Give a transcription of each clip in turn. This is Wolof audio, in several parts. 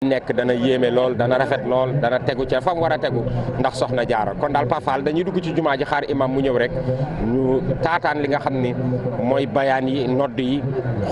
nekk dana yéeme lool dana rafet lool dana tegu cee fam war a tegu ndax soxna jaara kon daal pafaal dañuy dugg ci jumaa ji xaar imam mu ñëw rek ñu taataan li nga xam ni mooy bayaan yi nodd yi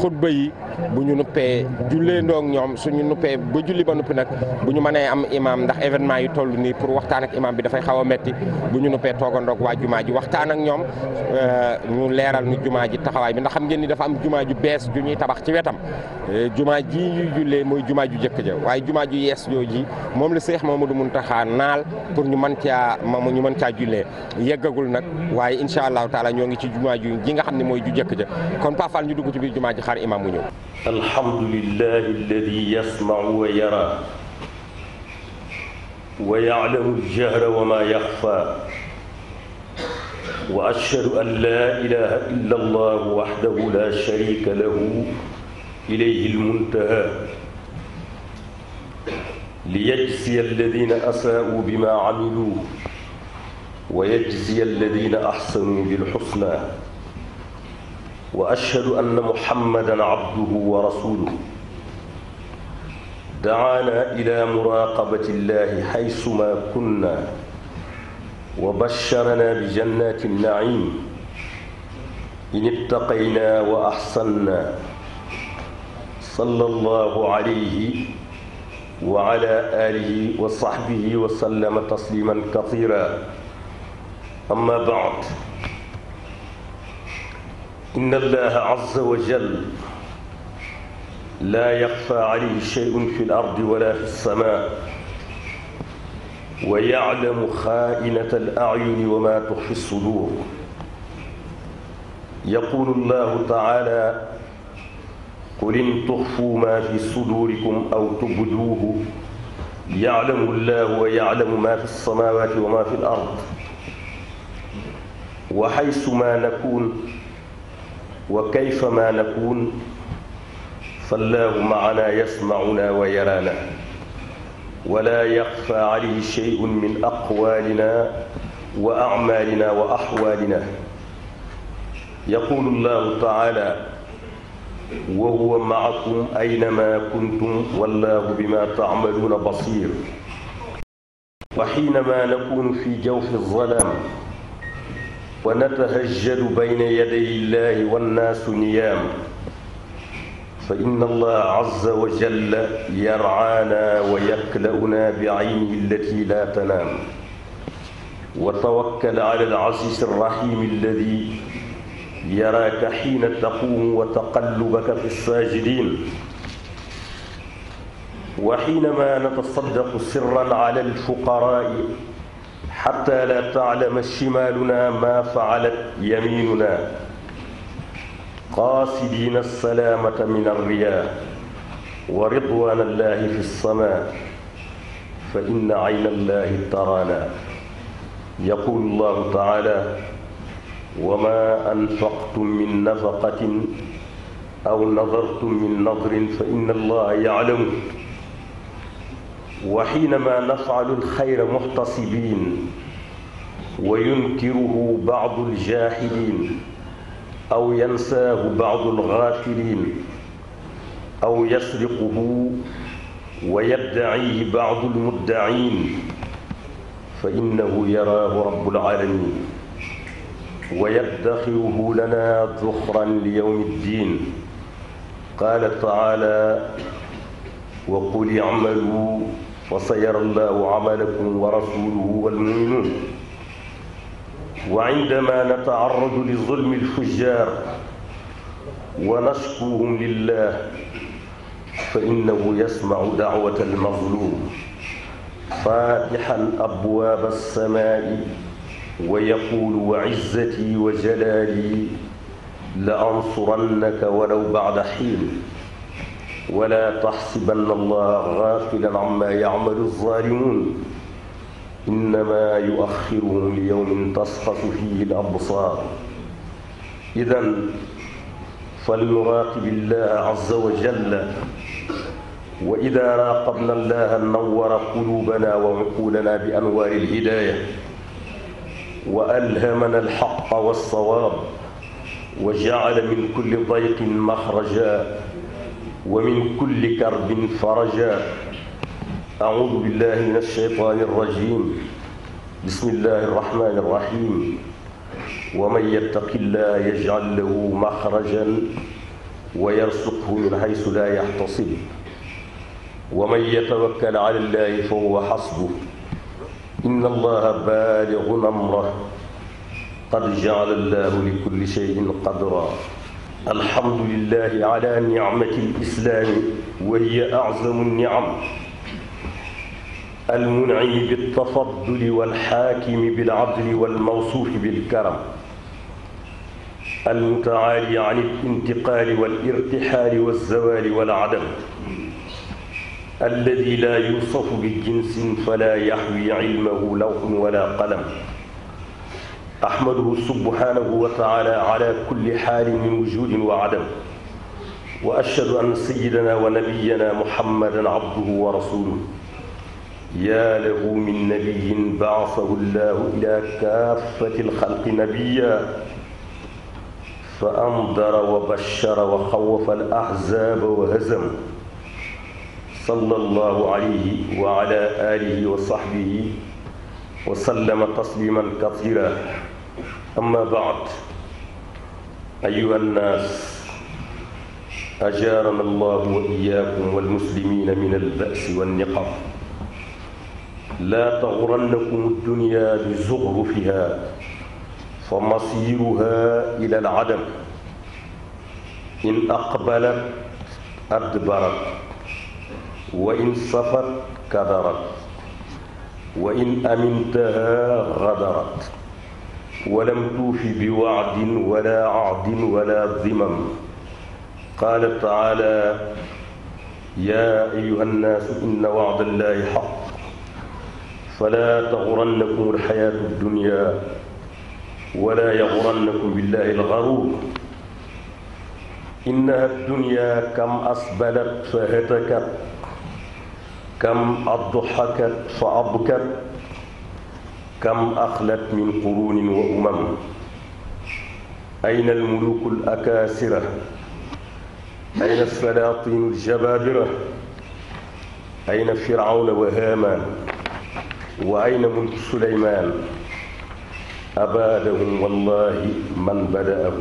xutba yi bu ñu nuppee jullee ndoog ñoom suñu nuppee ba julli ba nuppi nag bu ñu mënee am imam ndax événement yi toll nii pour waxtaan ak imam bi dafay xaw a metti bu ñu nuppee toogandoog waa jumaa ji waxtaan ak ñoom euh, ñu leeral nu jumaa ji taxawaay bi nda xam ngeen ni dafa am jumaa ju bees ju ñuy tabax ci wetam euh, jumaa ji ñuy mooy jumaa ju jëkk waaye jumaa ju yees jooji moom la Seex Mamadu Muntaxa naal pour ñu mën caa ma ñu mën caa jullee yeggagul nag waaye incha allahu taala ñoo ngi ci jumaa ju ji nga xam ni mooy ju jëkk ja kon Pape ñu dugg ci biir jumaa ji xaar imaam mu ñëw alhamdulillahi alladi allah waxdahu la sharika lahu ilayhi almuntaha ليجزي الذين أساءوا بما عملوا ويجزي الذين أحسنوا بالحسنى وأشهد أن محمدا عبده ورسوله دعانا إلى مراقبة الله حيثما كنا وبشرنا بجنات النعيم إن اتقينا وأحسنا صلى الله عليه وسلم wa ala alihi wa sahbihi wa sallama tasliman kathira amma baad inna allaha azza wa jal laa yaxfa alayhi shayun fi l ardi wala fi sama wa yalamu xaainata al ayuni wa ma tuxfi sudur yaqulu allahu taala qul in tuxfu ma fi sudurikum aw tubduuhu yalamu llahu wa yalamu ma fi lsamawati wa ma fi l ard wa xaysu ma nakun wa kayfa ma nakun fallahu maana yasmacuna wa yaraana wala yaxfa alayhi sheyun min aqwalina wa acmalina wa axwalina yaqulu llahu taala wa huwa maakum aynama kuntum wallahu bima taamaluuna basir wa xiinama nakunu fi jawfi zalaam wa natahajjadu bayna yaday illahi wannaasu niyaam fa inna allaha azza wa jalla yarcaana wa yakla'una bi aynihi allati laa tanaam wa tawakkal ala al-aziizi ar-rahiim alladi yaraaka xiina taquum wa taqallubaka fi saajidiin wa xiinama natasaddaqu sirran ala alfuqaraai xatta laa taclama shimaaluna maa facalat yamiinuna qaasidiina alsalaamata min alriyaa wa ridwaana allahi fi alsamaa fa inna cayna allahi taraana yaqulu allahu tacaala wa ma anfaqtum min nafaqatin aw nadartum min nadrin fa inna allaha yaalamu wa xiinama nafaalu alxayra muxtasibin wa yunkiruhu baadu aljaahilin aw yansaahu baadu algaafilin aw yasriquhu wa yaddacihi baadu almuddaciin fa innahu yaraahu rabbul aalamiin ويدخره لنا ذخرا ليوم الدين قال تعالى وقل اعملوا وسيرى الله عملكم ورسوله والمؤمنون وعندما نتعرض لظلم الفجار ونشكوهم لله فإنه يسمع دعوة المظلوم فاتحا أبواب السماء wa yaqulu wa izzati wa jalaali la ansurannaka walaw bada xiin wala taxsibanna allaha gaafilan amma yacmalu zaalimuun innama yuaxiruhum li yawmin tasxasu fihi al absaar idan فلنراقب الله عز وجل وإذا راقبنا الله نور قلوبنا وعقولنا بأنوار الهداية وألهمنا الحق والصواب وجعل من كل ضيق مخرجا ومن كل كرب فرجا أعوذ بالله من الشيطان الرجيم بسم الله الرحمن الرحيم ومن يتق الله يجعل له مخرجا ويرزقه من حيث لا يحتسب ومن يتوكل على الله فهو حسبه inna allaha baaligu amrah qad jacala allahu li kulli cheyin qadra alhamdulillahi ala nicmati lislaami wa hiya aczamu nnicam almunci biltafadduli walxaakimi bilcadli walmawsuufi bilkaram almutacaali an alintiqaali walirtixaali walzawaali walcadam alladi laa yuusafu bi jinsin fala yaxwi ilmahu lawxun wala qalam ahmaduhu subhanahu wa taala ala kulli xaalin min wujudin wa adam wa ashhadu an sayidana wa nabiyana muhammadan abduhu wa rasuluh yaa lahu min nabiyin baasahu llahu ila kaafati alxalqi nabiya fa andara wa bashara wa xawafa alahzaaba wa hazam sallallahu alayhi wa ala alihi wa sahbihi wa sallama tasliman kathira amma baad ayuha annaas ajaarana allahu wa iyaakum walmuslimina min albasi walniqam laa taxurannakum addunia bi zuxrufiha fa masiruha ila aladam in aqbalat adbarat wa in safat kadarat wa in amintaha gadarat walam tuufi bi waadin wala ahdin wala dimam qaala taala yaa ayuha nnaasu inna wacda allaahi xaq falaa taxurannakum alxayaatu addunya wala yaxurannakum billaahi alxaruur innaha addunya kam asbalat fa hatakat كم أضحكت فأبكت كم أخلت من قرون وأمم أين الملوك الأكاسرة أين السلاطين الجبابرة أين فرعون وهامان وأين ملك سليمان أبادهم والله من بدأه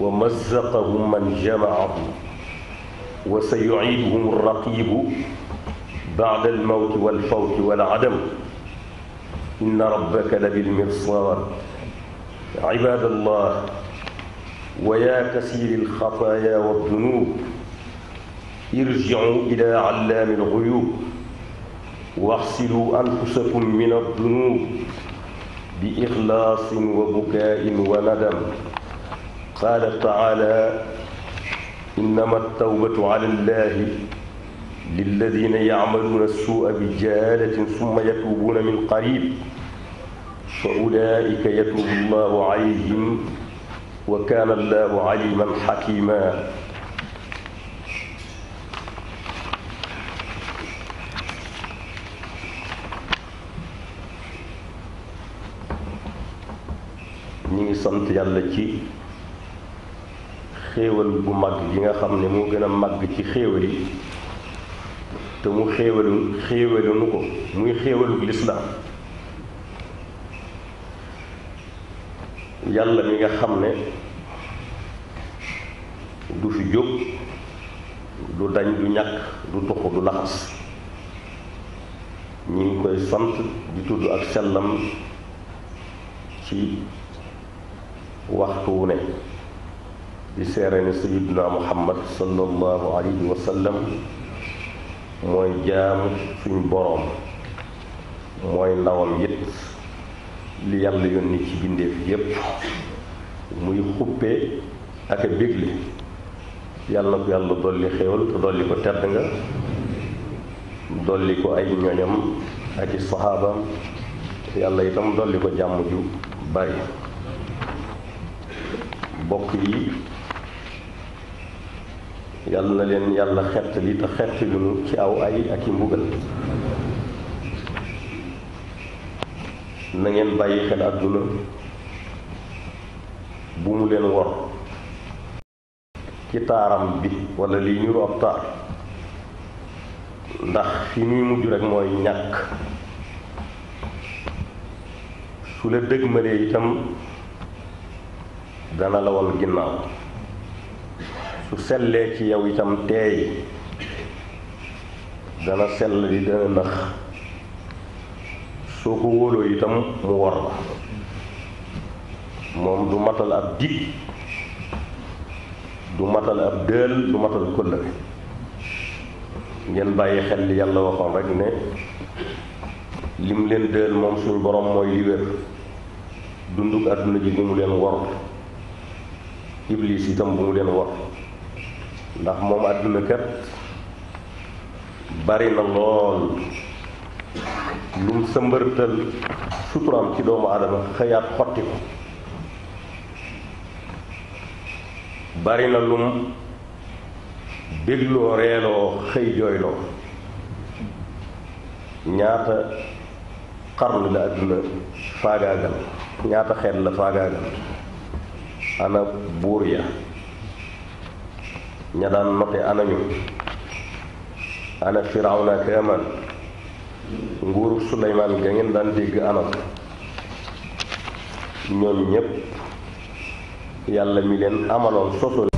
ومزقهم من جمعه وسيعيدهم الرقيب بعد الموت والفوت والعدم إن ربك لبالمرصاد عباد الله ويا كثير الخطايا والذنوب ارجعوا إلى علام الغيوب واغسلوا أنفسكم من الذنوب بإخلاص وبكاء وندم قال تعالى إنما التوبة على الله lilladina yacmaluuna suua bi jaalatin summa yatuubuuna min qarib fa ulaika yatuubu llahu alayhim wa kaana allahu aliman xakima ñu ngi sant yàlla ci xéewal bu mag yi nga xam ne moo gën a mag ci xéewal yi te mu xéewalu xéewalunu ko muy xéewaluk lislaam yàlla mi nga xam ne du fi jóg du dañ du ñàkk du tuxu du laxas ñi ngi koy sant di tudd ak sellam ci waxtu wu ne di seere ne sayiduna muhammad sallallahu alayhi wa mooy jaamu suñu boroom mooy ndawam yépp li yàlla yónni ci bindeef yépp muy xuppe ak a bégle yàlla na ko yàlla dolli xéewal te dolli ko tedd nga dolli ko ay ñoñam ak i saxaabam yàlla itam dolli ko jàmm ju bari bokk yi yàlla na leen yàlla xettali te xettalilu ci aw ay ak i mbugal na ngeen bàyyi xel àdduna bu mu leen wor ci taaram bi wala lii niru ab taar ndax fi muy mujj rek mooy ñàkk su la dëgmalee itam dana la woon ginnaaw su sellee ci yow itam teey dana sell di dana nax soo ko wóoloo itam mu wor la moom du matal ab dig du matal ab dël du matal kóllëre ngeen bàyyi xel li yàlla waxoon rek ne lim leen dël moom suñu borom mooy li dunduk àdduna ji bu mu leen wor iblis itam bu mu leen wor ndax moom àdduna kat bari na lool lu sëmbërtal suturaam ci doomu aadama xëyaat xotti ko bari na lum bégloo reeloo xëy jooyloo ñaata xarnu la àdduna faagaagal ñaata xeet la faagaagal ana buur ya ña daan note anañu ana firawna ak aman nguuru suleymaan ga ngeen daan dégg anam ñoom ñépp yàlla mi leen amaloon soso